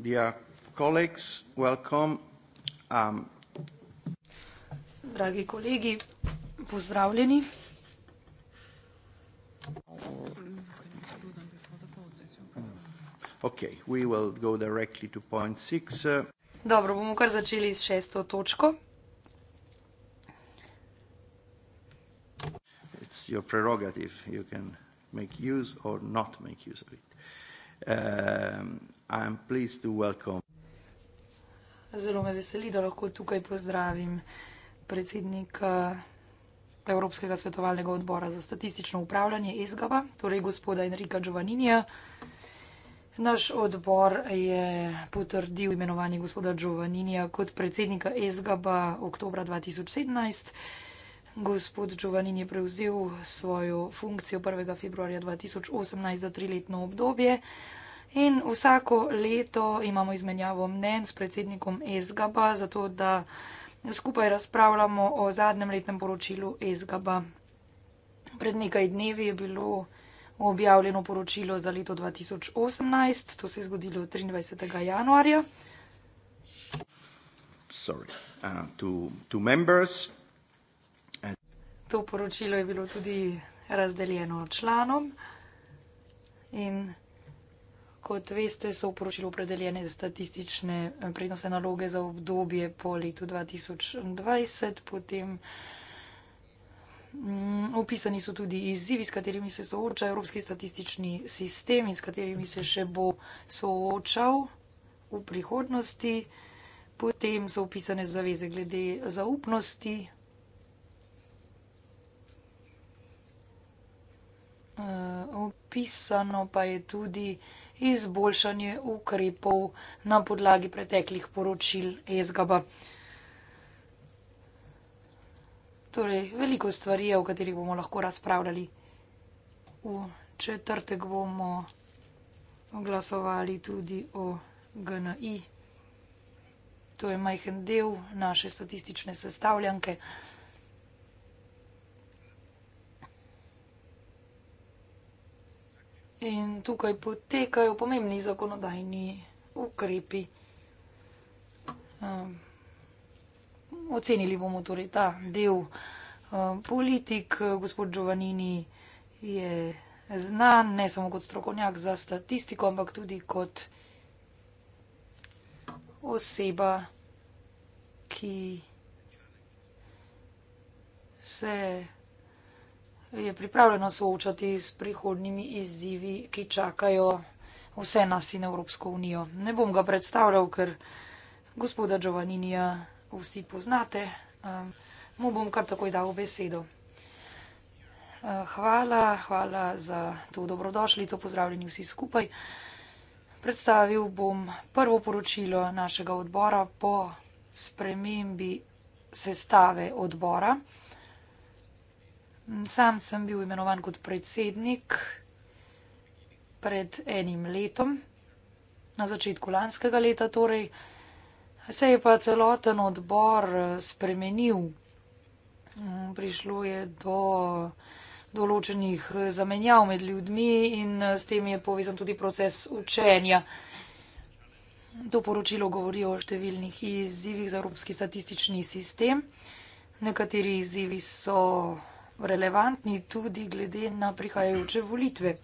Dear colleagues, welcome. Um, Dragi kolegi, pozdravljeni. Okay, we will go directly to point six. Uh, Dobro, bomo kar začeli s šesto točko. It's your prerogative. You can make use or not make use of it. Um, Zelo me veseli, da lahko tukaj pozdravim predsednika Evropskega svetovalnega odbora za statistično upravljanje ESGAVA, torej gospoda Enrika Giovanninija. Naš odbor je potrdil imenovanje gospoda Giovanninija kot predsednika ESGAVA oktobra 2017. Gospod Čuvanin je prevzel svojo funkcijo 1. februarja 2018 za triletno obdobje. In vsako leto imamo izmenjavo mnen s predsednikom ESGABA, zato da skupaj razpravljamo o zadnjem letnem poročilu ESGABA. Pred nekaj dnevi je bilo objavljeno poročilo za leto 2018, to se je zgodilo 23. januarja. Sorry, uh, to, to members. And... To poročilo je bilo tudi razdeljeno članom in. Kot veste, so v poročilu opredeljene statistične eh, prednostne naloge za obdobje po letu 2020, potem mm, opisani so tudi izzivi, s katerimi se sooča Evropski statistični sistem in s katerimi se še bo soočal v prihodnosti. Potem so opisane zaveze glede zaupnosti. Uh, opisano pa je tudi izboljšanje ukrepov na podlagi preteklih poročil ESGB. Torej, veliko stvari je, o katerih bomo lahko razpravljali. V četrtek bomo glasovali tudi o GNI. To je majhen del naše statistične sestavljanke. In tukaj potekajo pomembni zakonodajni ukrepi. Um, ocenili bomo torej ta del. Um, politik, gospod Giovannini, je znan ne samo kot strokovnjak za statistiko, ampak tudi kot oseba, ki se je pripravljena soočati s prihodnjimi izzivi, ki čakajo vse nas in Evropsko unijo. Ne bom ga predstavljal, ker gospoda Giovanninija vsi poznate, eh, mu bom kar takoj dal besedo. Eh, hvala, hvala za to dobrodošlico, pozdravljeni vsi skupaj. Predstavil bom prvo poročilo našega odbora po spremembi sestave odbora. Mm, sam sem bil imenovan kot predsednik pred enim letom, na začetku lanskega leta torej. Se je pa celoten odbor eh, spremenil. Mm, prišlo je do določenih eh, zamenjav med ljudmi in eh, s tem je povezan tudi proces učenja. To poročilo govori o številnih izzivih za evropski statistični sistem. Nekateri izzivi so relevantni tudi glede na prihajajoče volitve.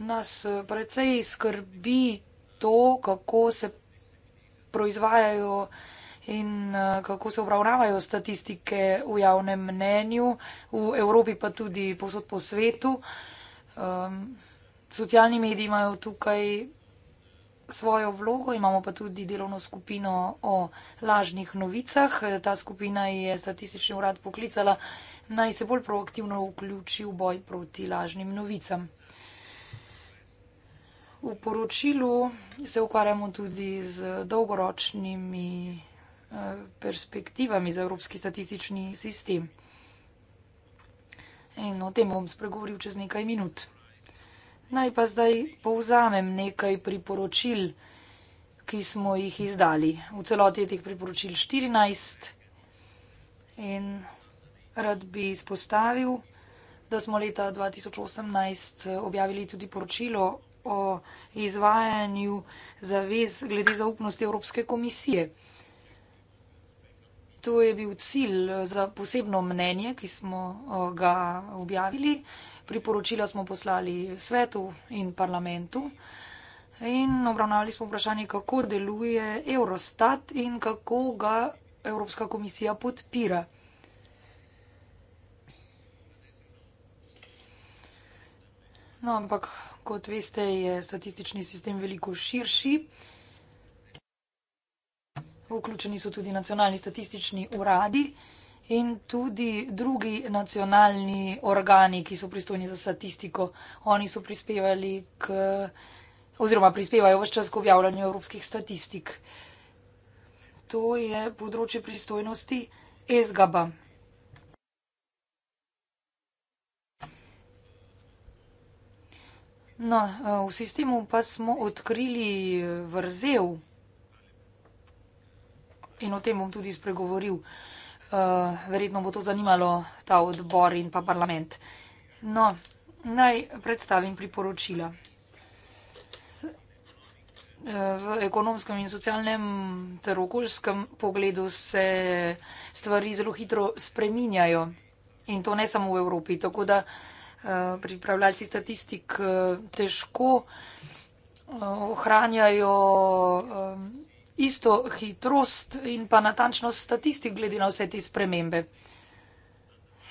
Nas eh, precej skrbi to, kako se proizvajajo in eh, kako se obravnavajo statistike v javnem mnenju, v Evropi pa tudi posod po svetu. Um, socialni mediji imajo tukaj svojo vlogo, imamo pa tudi delovno skupino o lažnih novicah. Ta skupina je statistični urad poklicala naj se bolj proaktivno vključi v boj proti lažnim novicam. V poročilu se ukvarjamo tudi z dolgoročnimi eh, perspektivami za evropski statistični sistem. In o tem bom spregovoril čez nekaj minut. Naj pa zdaj povzamem nekaj priporočil, ki smo jih izdali. V celoti je teh priporočil 14 in rad bi izpostavil, da smo leta 2018 objavili tudi poročilo o izvajanju zavez glede zaupnosti Evropske komisije. To je bil cilj za posebno mnenje, ki smo eh, ga objavili priporočila smo poslali svetu in parlamentu in obravnavali smo vprašanje, kako deluje Eurostat in kako ga Evropska komisija podpira. No, ampak, kot veste, je statistični sistem veliko širši. Vključeni so tudi nacionalni statistični uradi in tudi drugi nacionalni organi, ki so pristojni za statistiko. Oni so prispevali k, oziroma prispevajo vse čas k objavljanju evropskih statistik. To je področje pristojnosti ESGABA. No, v sistemu pa smo odkrili vrzel in o tem bom tudi spregovoril. Eh, verjetno bo to zanimalo ta odbor in pa parlament. No, naj predstavim priporočila. Eh, v ekonomskem in socialnem ter okoljskem pogledu se stvari zelo hitro spreminjajo in to ne samo v Evropi, tako da eh, pripravljalci statistik težko ohranjajo isto hitrost in pa natančnost statistik glede na vse te spremembe.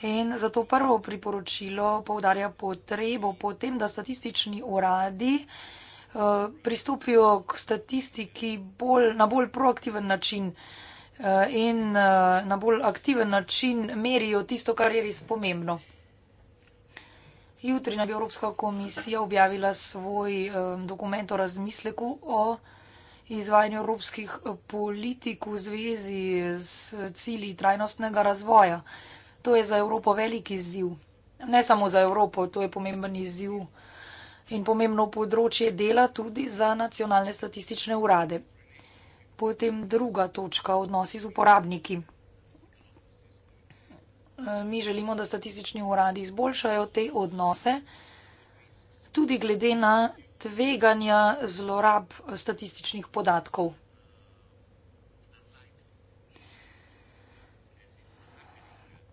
In zato prvo priporočilo povdarja potrebo potem, da statistični uradi eh, pristopijo k statistiki bolj, na bolj proaktiven način eh, in eh, na bolj aktiven način merijo tisto, kar je res pomembno. Jutri naj bi Evropska komisija objavila svoj dokument o razmisleku o izvajanju evropskih eh, politik v zvezi s eh, cilji trajnostnega razvoja. To je za Evropo veliki izziv. Ne samo za Evropo, to je pomemben izziv in pomembno področje dela tudi za nacionalne statistične urade. Potem druga točka, odnosi z uporabniki. Eh, mi želimo, da statistični uradi izboljšajo te odnose, tudi glede na tveganja zlorab statističnih podatkov.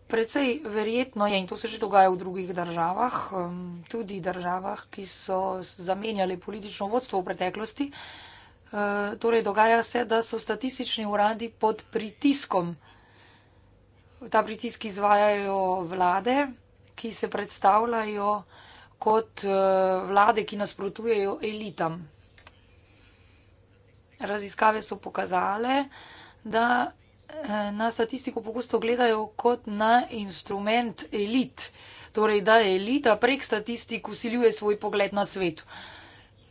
Predvsej verjetno je, in to se že dogaja v drugih državah, um, tudi državah, ki so zamenjali politično vodstvo v preteklosti, uh, torej dogaja se, da so statistični uradi pod pritiskom. Ta pritisk izvajajo vlade, ki se predstavljajo kot kot eh, vlade, ki nasprotujejo elitam. Raziskave so pokazale, da eh, na statistiko pogosto gledajo kot na instrument elit, torej da elita prek statistik usiljuje svoj pogled na svet.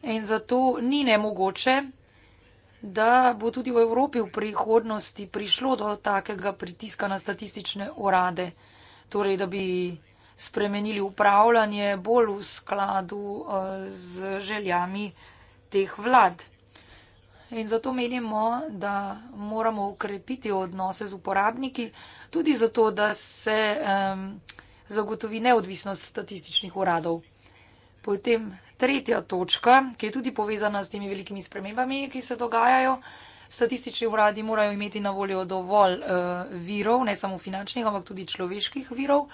In zato ni nemogoče, da bo tudi v Evropi v prihodnosti prišlo do takega pritiska na statistične urade, torej da bi spremenili upravljanje bolj v skladu eh, z željami teh vlad. In zato menimo, da moramo ukrepiti odnose z uporabniki, tudi zato, da se um, zagotovi neodvisnost statističnih uradov. Potem tretja točka, ki je tudi povezana s temi velikimi spremembami, ki se dogajajo. Statistični uradi morajo imeti na voljo dovolj uh, virov, ne samo finančnih, ampak tudi človeških virov, uh,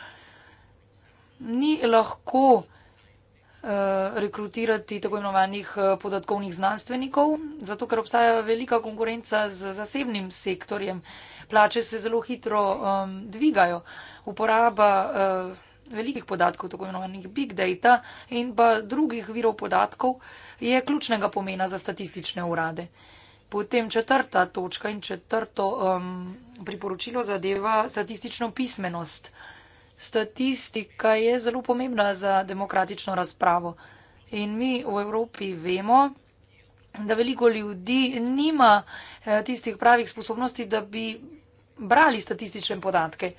ni lahko eh, rekrutirati tako imenovanih eh, podatkovnih znanstvenikov, zato ker obstaja velika konkurenca z zasebnim sektorjem. Plače se zelo hitro um, dvigajo. Uporaba uh, velikih podatkov, tako imenovanih big data in pa drugih virov podatkov je ključnega pomena za statistične urade. Potem četrta točka in četrto um, priporočilo zadeva statistično pismenost. Uh, statistika je zelo pomembna za demokratično razpravo. In mi v Evropi vemo, da veliko ljudi nima eh, tistih pravih sposobnosti, da bi brali statistične podatke.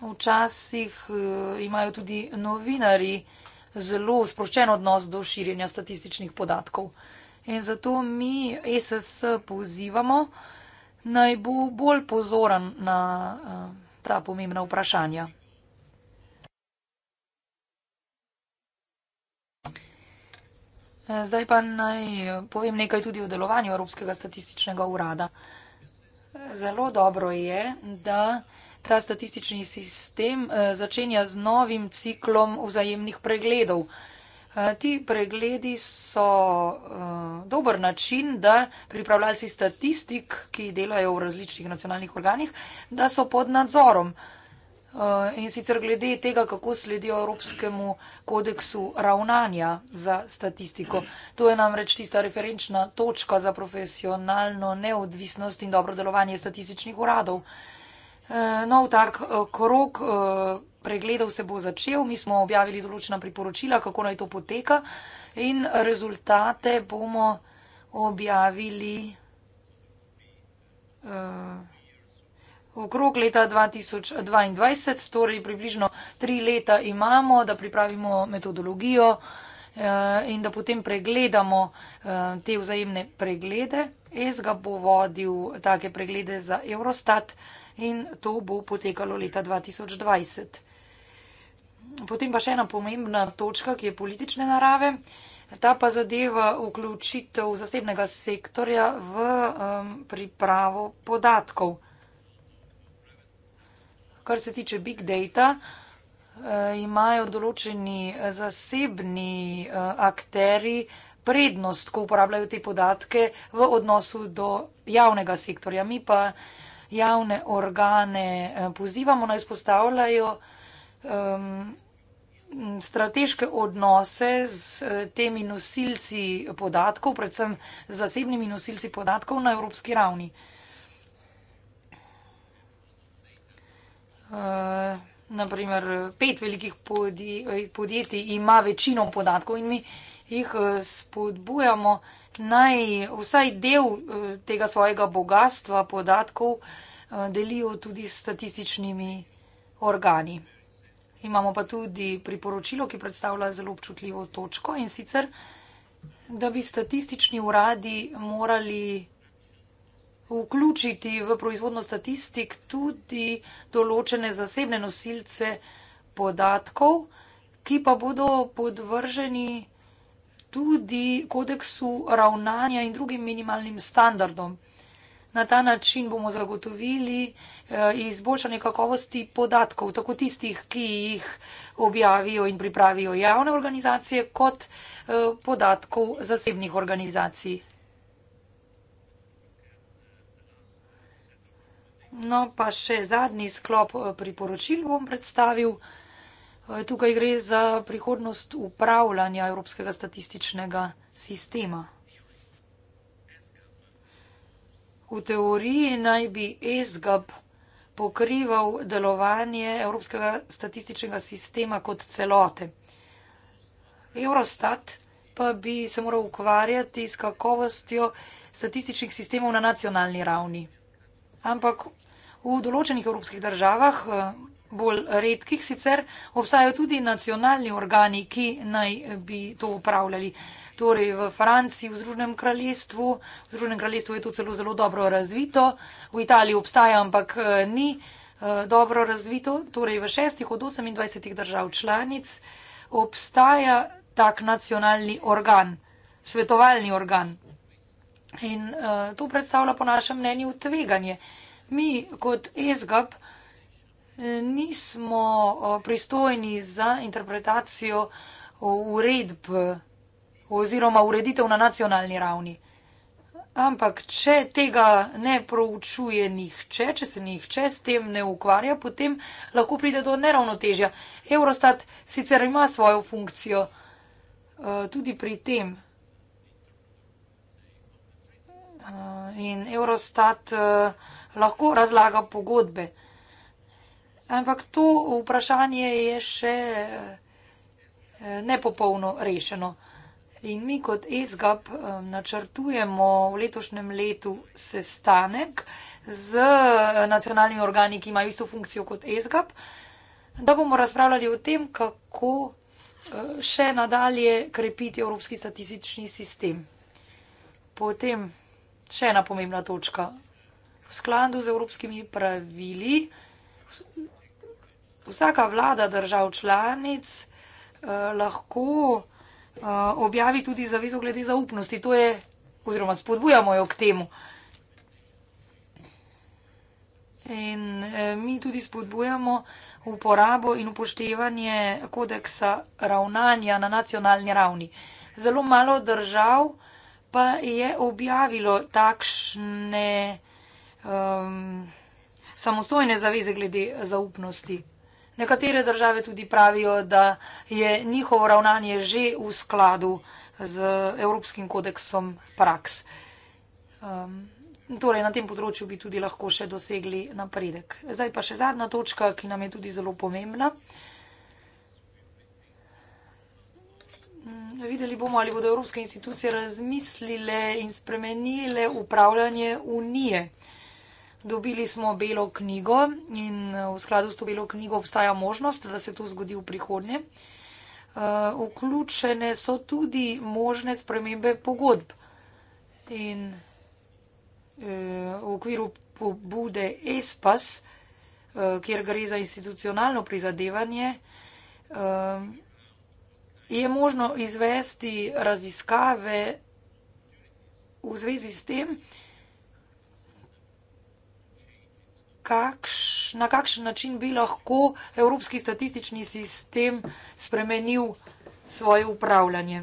Včasih eh, imajo tudi novinari zelo sproščen odnos do širjenja statističnih podatkov. In zato mi SS e pozivamo, naj bo bolj pozoren na eh, ta pomembna vprašanja. Zdaj pa naj povem nekaj tudi o delovanju Evropskega statističnega urada. Zelo dobro je, da ta statistični sistem eh, začenja z novim ciklom vzajemnih pregledov. Eh, ti pregledi so eh, dober način, da pripravljalci statistik, ki delajo v različnih nacionalnih organih, da so pod nadzorom. Eh, in sicer glede tega, kako sledijo Evropskemu kodeksu ravnanja za statistiko. To je namreč tista referenčna točka za profesionalno neodvisnost in dobro delovanje statističnih uradov. Eh, nov tak eh, krok pregledov se bo začel, mi smo objavili določena priporočila, kako naj to poteka in rezultate bomo objavili. Uh, okrog leta 2022, torej približno tri leta imamo, da pripravimo metodologijo eh, in da potem pregledamo eh, te vzajemne preglede. ESGA bo vodil take preglede za Eurostat in to bo potekalo leta 2020. Potem pa še ena pomembna točka, ki je politične narave. Ta pa zadeva vključitev zasebnega sektorja v um, pripravo podatkov kar se tiče big data, eh, imajo določeni eh, zasebni eh, akteri prednost, ko uporabljajo te podatke v odnosu do javnega sektorja. Mi pa javne organe pozivamo naj spostavljajo um, ehm, strateške odnose z temi nosilci podatkov, predvsem z zasebnimi nosilci podatkov na evropski ravni. Eh, naprimer, pet velikih podij, podjetij ima večino podatkov in mi jih eh, spodbujamo naj vsaj del eh, tega svojega bogatstva podatkov delijo tudi s statističnimi organi. Imamo pa tudi priporočilo, ki predstavlja zelo občutljivo točko in sicer, da bi statistični uradi morali vključiti v proizvodno statistik tudi določene zasebne nosilce podatkov, ki pa bodo podvrženi tudi kodeksu ravnanja in drugim minimalnim standardom. Na ta način bomo zagotovili eh, izboljšanje kakovosti podatkov, tako tistih, ki jih objavijo in pripravijo javne organizacije, kot eh, podatkov zasebnih organizacij. No, pa še zadnji sklop eh, priporočil bom predstavil. Eh, tukaj gre za prihodnost upravljanja evropskega statističnega sistema. V teoriji naj bi ESGAP pokrival delovanje evropskega statističnega sistema kot celote. Eurostat pa bi se moral ukvarjati s kakovostjo statističnih sistemov na nacionalni ravni. Ampak V določenih evropskih državah, eh, bolj redkih sicer, obstajajo tudi nacionalni organi, ki naj bi to upravljali. Torej v Franciji, v Združenem kraljestvu, v Združenem kraljestvu je to celo zelo dobro razvito, v Italiji obstaja, ampak eh, ni eh, dobro razvito. Torej v šestih od 28 držav članic obstaja tak nacionalni organ, svetovalni organ. In uh, to predstavlja po našem mnenju tveganje. Uh, Mi kot ESGAP eh, nismo eh, pristojni za interpretacijo eh, uredb oziroma ureditev na nacionalni ravni. Ampak, če tega ne proučuje nihče, če se nihče s tem ne ukvarja, potem lahko pride do neravnotežja. Eurostat sicer ima svojo funkcijo tudi pri tem. In Eurostat lahko razlaga pogodbe. Ampak to vprašanje je še eh, nepopolno rešeno. In mi kot ESGAP eh, načrtujemo v letošnjem letu sestanek z eh, nacionalnimi organi, ki imajo isto funkcijo kot ESGAP, da bomo razpravljali o tem, kako še nadalje krepiti evropski statistični sistem. Potem še ena pomembna točka skladu z evropskimi pravili. Vsaka vlada držav članic eh, lahko eh, objavi tudi zavezo glede zaupnosti, to je, oziroma spodbujamo jo k temu. In eh, mi tudi spodbujamo uporabo in upoštevanje kodeksa ravnanja na nacionalni ravni. Zelo malo držav pa je objavilo takšne um, samostojne zaveze glede zaupnosti. Nekatere države tudi pravijo, da je njihovo ravnanje že v skladu z Evropskim kodeksom praks. Um, torej, na tem področju bi tudi lahko še dosegli napredek. Zdaj pa še zadnja točka, ki nam je tudi zelo pomembna. Hm, videli bomo, ali bodo evropske institucije razmislile in spremenile upravljanje unije. Uh, Dobili smo belo knjigo in eh, v skladu s to belo knjigo obstaja možnost, da se to zgodi v prihodnje. Eh, vključene so tudi možne spremembe pogodb. In eh, v okviru pobude ESPAS, kjer gre za institucionalno prizadevanje, je možno izvesti raziskave v zvezi s tem, kakš, na kakšen način bi lahko Evropski statistični sistem spremenil svoje upravljanje.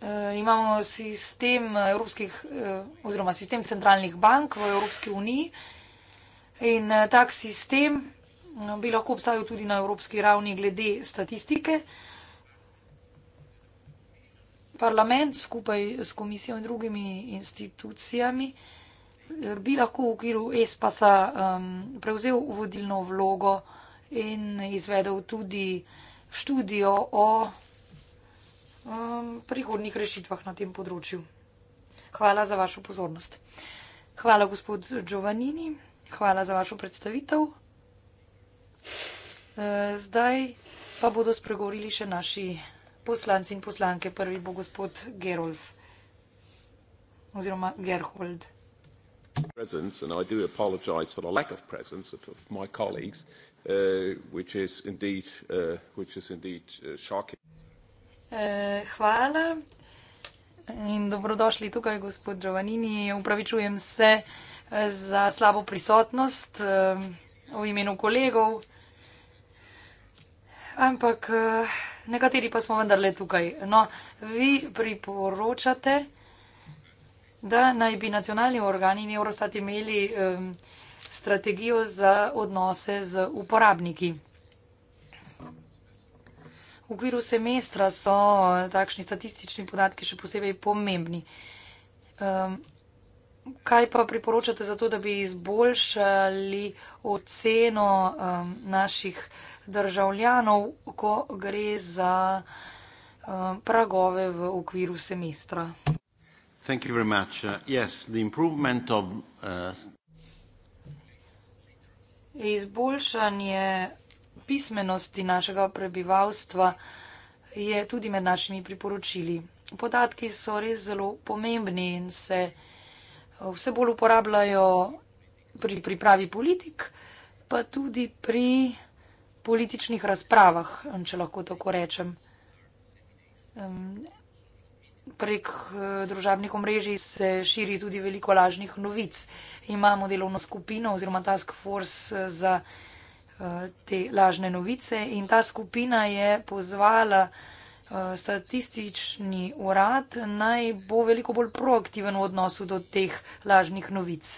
E, imamo sistem evropskih e, oziroma sistem centralnih bank v Evropski uniji in e, tak sistem no, bi lahko obstajal tudi na evropski ravni glede statistike parlament skupaj s komisijo in drugimi institucijami eh, bi lahko v okviru ESPAS-a um, prevzel vodilno vlogo in izvedel tudi študijo o um, prihodnih rešitvah na tem področju. Hvala za vašo pozornost. Hvala, gospod Giovannini, hvala za vašo predstavitev. E, zdaj pa bodo spregovorili še naši poslanci in poslanke. Prvi bo gospod Gerolf oziroma Gerhold. Presence and I do apologize for the lack of presence of, of my colleagues, uh, which is indeed, uh, which is indeed uh, shocking. Uh, hvala. In dobrodošli tukaj, gospod Giovannini. Upravičujem se uh, za slabo prisotnost uh, v imenu kolegov. Ampak. Uh, nekateri pa smo vendarle tukaj. No, vi priporočate, da naj bi nacionalni organi in Eurostat imeli um, strategijo za odnose z uporabniki. V okviru semestra so takšni statistični podatki še posebej pomembni. Um, kaj pa priporočate za to, da bi izboljšali oceno um, naših državljanov, ko gre za eh, pragove v okviru semestra. Thank you very much. Uh, yes, the improvement of uh... izboljšanje pismenosti našega prebivalstva je tudi med našimi priporočili. Podatki so res zelo pomembni in se eh, vse bolj uporabljajo pri pripravi politik, pa tudi pri političnih razpravah, če lahko tako rečem. Prek eh, družabnih omrežij se širi tudi veliko lažnih novic. Imamo delovno skupino oziroma task force eh, za eh, te lažne novice in ta skupina je pozvala statistični urad naj bo veliko bolj proaktiven v odnosu do teh lažnih novic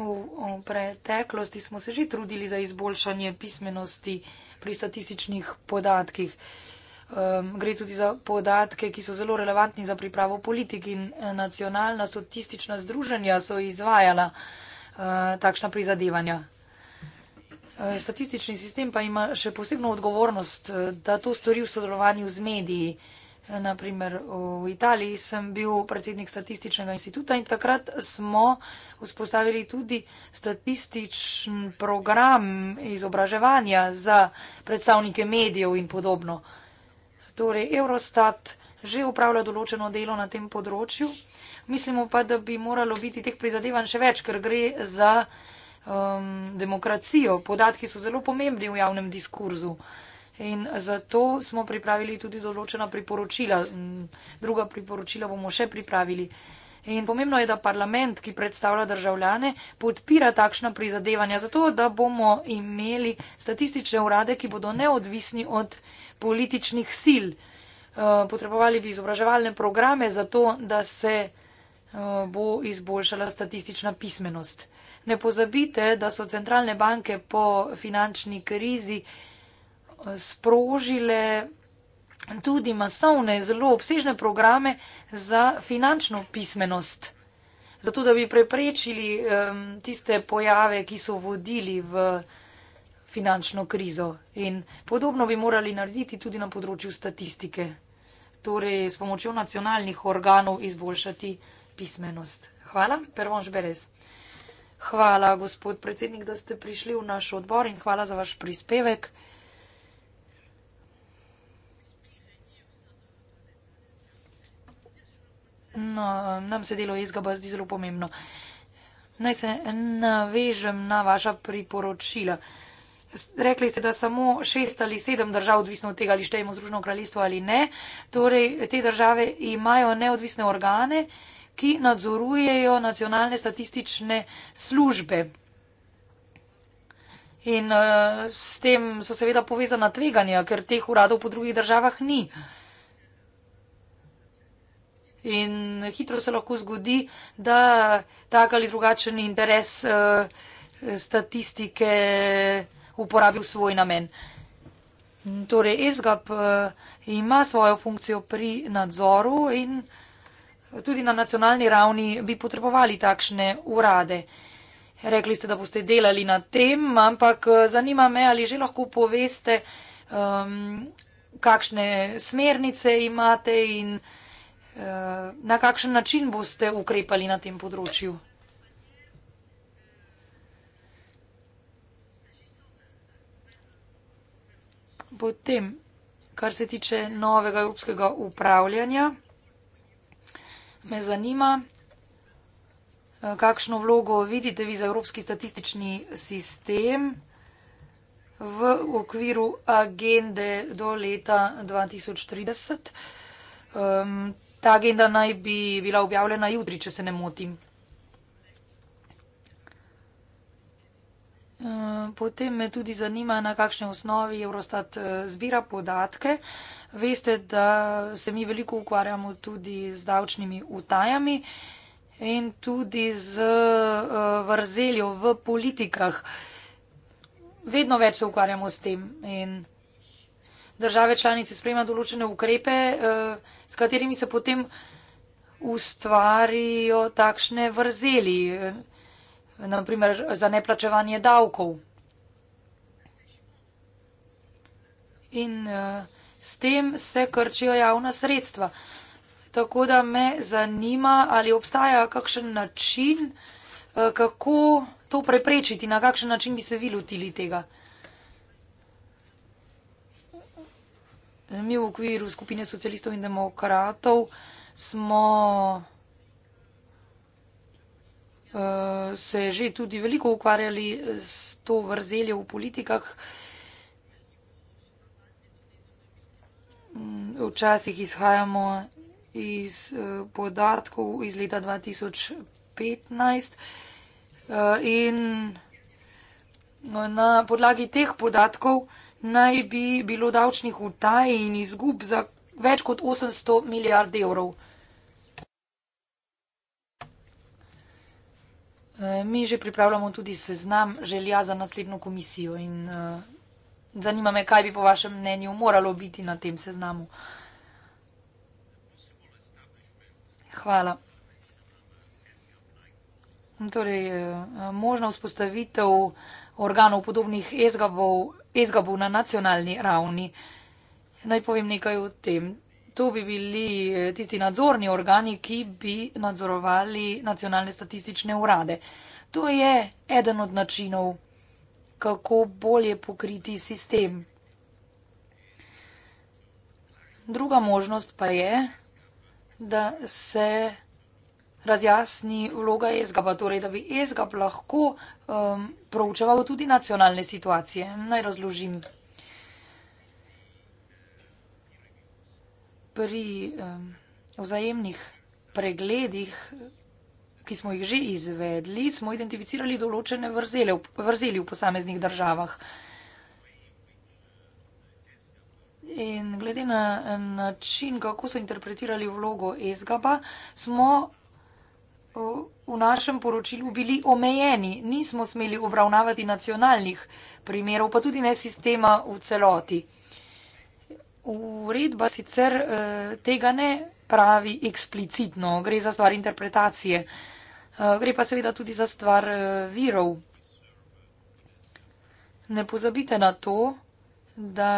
v, v preteklosti smo se že trudili za izboljšanje pismenosti pri statističnih podatkih. Um, gre tudi za podatke, ki so zelo relevantni za pripravo politik in eh, nacionalna statistična združenja so izvajala uh, takšna prizadevanja. Eh, statistični sistem pa ima še posebno odgovornost, da to stori v sodelovanju z mediji. Uh, Naprimer, v Italiji sem bil predsednik statističnega instituta in takrat smo vzpostavili tudi statističen program izobraževanja za predstavnike medijev in podobno. Torej, Eurostat že upravlja določeno delo na tem področju. Mislimo pa, da bi moralo biti teh prizadevanj še več, ker gre za um, demokracijo. Podatki so zelo pomembni v javnem diskurzu. In zato smo pripravili tudi določena priporočila. Druga priporočila bomo še pripravili. In pomembno je, da parlament, ki predstavlja državljane, podpira takšna prizadevanja, zato da bomo imeli statistične urade, ki bodo neodvisni od političnih sil. Eh, potrebovali bi izobraževalne programe, zato da se eh, bo izboljšala statistična pismenost. Ne pozabite, da so centralne banke po finančni krizi sprožile tudi masovne, zelo obsežne programe za finančno pismenost, zato da bi preprečili um, tiste pojave, ki so vodili v finančno krizo. In podobno bi morali narediti tudi na področju statistike, torej s pomočjo nacionalnih organov izboljšati pismenost. Hvala, Pervonž Berez. Hvala, gospod predsednik, da ste prišli v naš odbor in hvala za vaš prispevek. No, nam se delo jaz ga pa zdi zelo pomembno. Naj se navežem na vaša priporočila. Rekli ste, da samo šest ali sedem držav, odvisno od tega, ali štejemo Združeno kraljestvo ali ne, torej te države imajo neodvisne organe, ki nadzorujejo nacionalne statistične službe. In uh, s tem so seveda povezana tveganja, ker teh uradov po drugih državah ni. Uh, In hitro se lahko zgodi, da tak ali drugačen interes uh, statistike uporabi v svoj namen. Torej, ESGAP uh, ima svojo funkcijo pri nadzoru in tudi na nacionalni ravni bi potrebovali takšne urade. Rekli ste, da boste delali na tem, ampak eh, zanima me, ali že lahko poveste, um, kakšne smernice imate in. Eh, na kakšen način boste ukrepali na tem področju? Potem, kar se tiče novega evropskega upravljanja, me zanima, eh, kakšno vlogo vidite vi za evropski statistični sistem v okviru agende do leta 2030. Ta agenda naj bi bila objavljena jutri, če se ne motim. Eh, potem me tudi zanima, na kakšne osnovi Eurostat eh, zbira podatke. Veste, da se mi veliko ukvarjamo tudi z davčnimi utajami in tudi z eh, vrzeljo v politikah. Vedno več se ukvarjamo s tem in države članice sprejema določene ukrepe, eh, s katerimi se potem ustvarijo takšne vrzeli, eh, naprimer za neplačevanje davkov. In eh, s tem se krčijo javna sredstva. Tako da me zanima, ali obstaja kakšen način, kako to preprečiti, na kakšen način bi se vi lotili tega. Mi v okviru skupine socialistov in demokratov smo eh, se že tudi veliko ukvarjali eh, s to vrzeljo v politikah. Mm, včasih izhajamo iz eh, podatkov iz leta 2015 in no, na podlagi teh podatkov naj bi bilo davčnih utaj in izgub za več kot 800 milijard evrov. E, mi že pripravljamo tudi seznam želja za naslednjo komisijo in e, zanima me, kaj bi po vašem mnenju moralo biti na tem seznamu. Hvala. Torej, e, možna vzpostavitev organov podobnih ESGAV-ov izgabo na nacionalni ravni. Naj povem nekaj o tem. To bi bili eh, tisti nadzorni organi, ki bi nadzorovali nacionalne statistične urade. To je eden od načinov, kako bolje pokriti sistem. Druga možnost pa je, da se razjasni vloga ESGA, torej da bi ESGA lahko um, proučeval tudi nacionalne situacije. Naj razložim. Pri um, vzajemnih pregledih, ki smo jih že izvedli, smo identificirali določene vrzele, vrzeli v posameznih državah. In glede na način, kako so interpretirali vlogo ESGAB-a, smo v našem poročilu bili omejeni, nismo smeli obravnavati nacionalnih primerov, pa tudi ne sistema v celoti. Uredba sicer eh, tega ne pravi eksplicitno, gre za stvar interpretacije, eh, gre pa seveda tudi za stvar eh, virov. Ne pozabite na to, da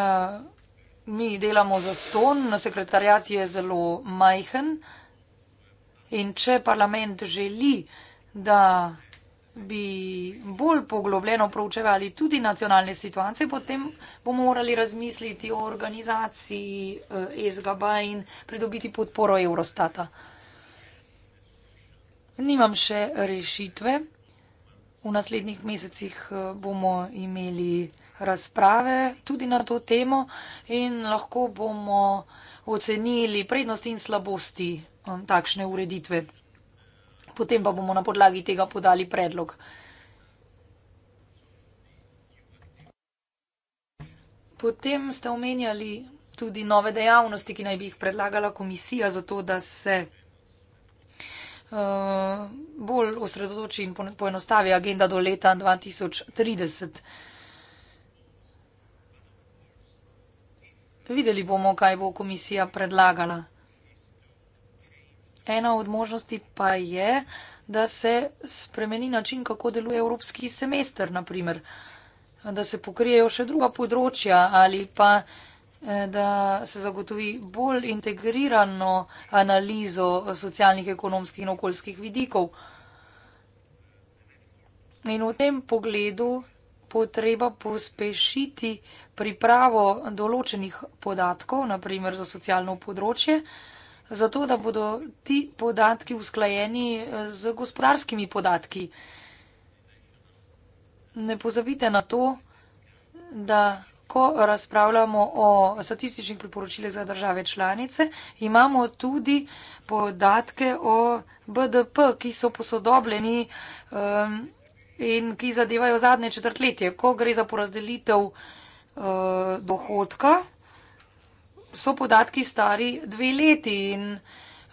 mi delamo za ston, na sekretarjat je zelo majhen, In če parlament želi, da bi bolj poglobljeno proučevali tudi nacionalne situacije, potem bomo morali razmisliti o organizaciji ESGB eh, in pridobiti podporo Eurostata. Nimam še rešitve. V naslednjih mesecih eh, bomo imeli razprave tudi na to temo in lahko bomo ocenili prednosti in slabosti um, takšne ureditve. Potem pa bomo na podlagi tega podali predlog. Potem ste omenjali tudi nove dejavnosti, ki naj bi jih predlagala komisija, zato da se uh, bolj osredotoči in poenostavi agenda do leta 2030. Videli bomo, kaj bo komisija predlagala. Ena od možnosti pa je, da se spremeni način, kako deluje evropski semester, naprimer, da se pokrijejo še druga področja ali pa eh, da se zagotovi bolj integrirano analizo socialnih, ekonomskih in okoljskih vidikov. In v tem pogledu potreba pospešiti pripravo določenih podatkov, naprimer za socialno področje, zato da bodo ti podatki usklajeni eh, z gospodarskimi podatki. Ne pozabite na to, da ko razpravljamo o statističnih priporočilih za države članice, imamo tudi podatke o BDP, ki so posodobljeni. Um, in ki zadevajo zadnje četrtletje, ko gre za porazdelitev uh, dohodka, so podatki stari dve leti in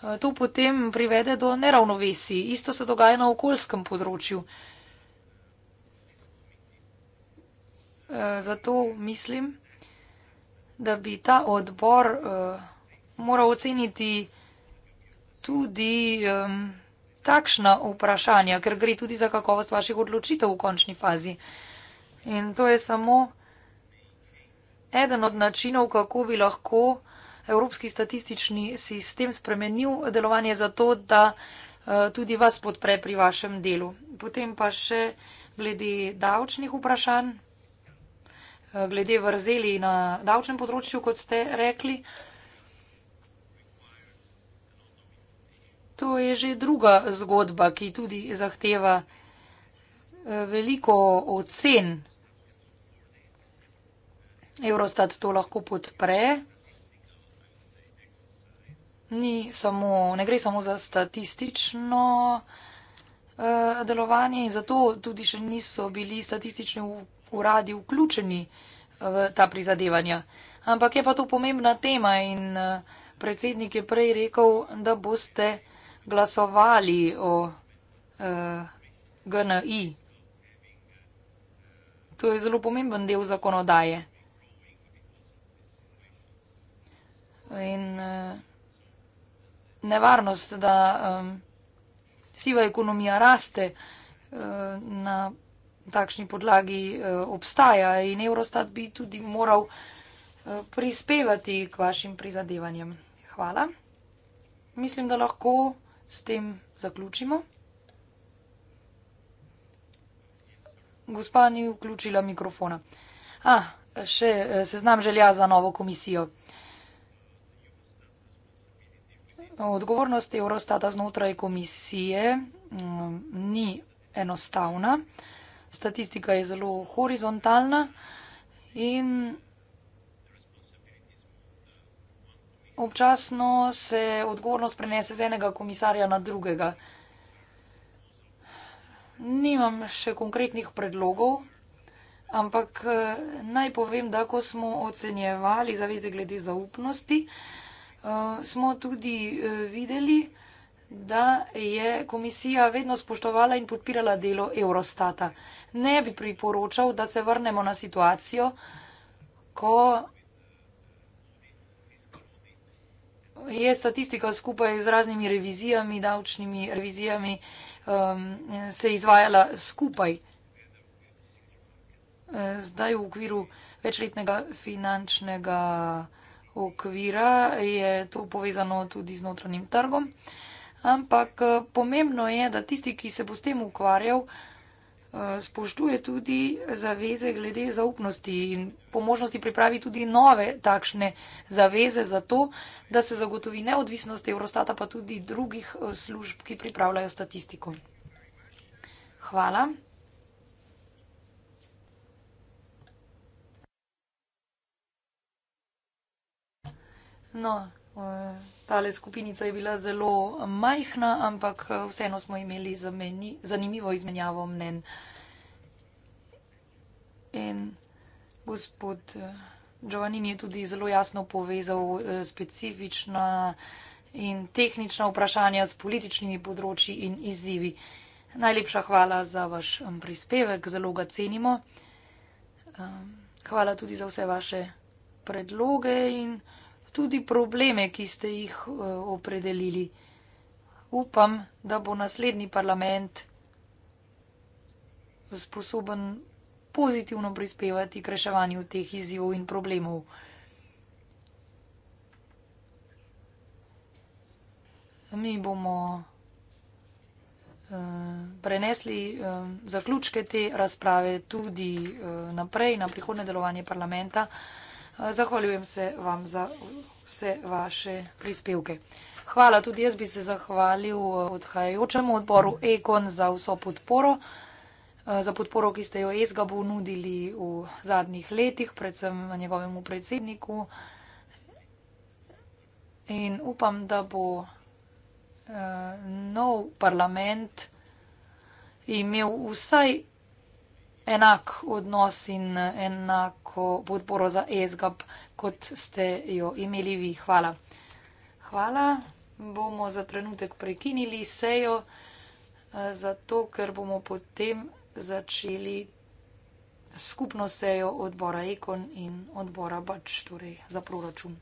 uh, to potem privede do neravnovesij. Isto se dogaja na okoljskem področju. Uh, zato mislim, da bi ta odbor uh, moral oceniti tudi um, takšna vprašanja, ker gre tudi za kakovost vaših odločitev v končni fazi. In to je samo eden od načinov, kako bi lahko Evropski statistični sistem spremenil delovanje zato, da eh, tudi vas podpre pri vašem delu. Potem pa še glede davčnih vprašanj, eh, glede vrzeli na davčnem področju, kot ste rekli. to je že druga zgodba, ki tudi zahteva eh, veliko ocen. Eurostat to lahko podpre. Ni samo, ne gre samo za statistično uh, delovanje in zato tudi še niso bili statistični uradi vključeni eh, v ta prizadevanja. Ampak je pa to pomembna tema in uh, predsednik je prej rekel, da boste uh, glasovali o uh, eh, GNI. To je zelo pomemben del zakonodaje. In uh, nevarnost, da um, siva ekonomija raste uh, na takšni podlagi, uh, obstaja in Eurostat bi tudi moral uh, prispevati k vašim prizadevanjem. Hvala. Mislim, da lahko s tem zaključimo. Gospa ni vključila mikrofona. A, ah, še eh, se znam želja za novo komisijo. Odgovornost Eurostata znotraj komisije mm, ni enostavna. Statistika je zelo horizontalna in. Občasno se odgovornost prenese z enega komisarja na drugega. Nimam še konkretnih predlogov, ampak eh, naj povem, da ko smo ocenjevali zaveze glede zaupnosti, eh, smo tudi eh, videli, da je komisija vedno spoštovala in podpirala delo Eurostata. Ne bi priporočal, da se vrnemo na situacijo, ko je statistika skupaj z raznimi revizijami, davčnimi revizijami, um, se izvajala skupaj. Zdaj v okviru večletnega finančnega okvira je to povezano tudi z notranjim trgom. Ampak eh, pomembno je, da tisti, ki se bo s tem ukvarjal, Eh, spoštuje tudi zaveze glede zaupnosti in po možnosti pripravi tudi nove takšne zaveze za to, da se zagotovi neodvisnost Eurostata, pa tudi drugih eh, služb, ki pripravljajo statistiko. Hvala. No. Tale skupinica je bila zelo majhna, ampak eh, vseeno smo imeli zameni, zanimivo izmenjavo mnen. In gospod eh, Giovannini je tudi zelo jasno povezal eh, specifična in tehnična vprašanja s političnimi področji in izzivi. Najlepša hvala za vaš um, prispevek, zelo ga cenimo. Ehm, hvala tudi za vse vaše predloge in predloge tudi probleme, ki ste jih eh, opredelili. Upam, da bo naslednji parlament sposoben pozitivno prispevati k reševanju teh izzivov in problemov. Mi bomo eh, prenesli eh, zaključke te razprave tudi naprej na prihodne delovanje parlamenta. Zahvaljujem se vam za vse vaše prispevke. Hvala, tudi jaz bi se zahvalil eh, odhajajočemu odboru Ekon za vso podporo, eh, za podporo, ki ste jo Esgabu nudili v zadnjih letih, predvsem njegovemu predsedniku. In upam, da bo eh, nov parlament imel vsaj enak odnos in enako podporo za ESGAP, kot ste jo imeli vi. Hvala. Hvala. Bomo za trenutek prekinili sejo, eh, zato ker bomo potem začeli skupno sejo odbora Ekon in odbora Bač, torej za proračun.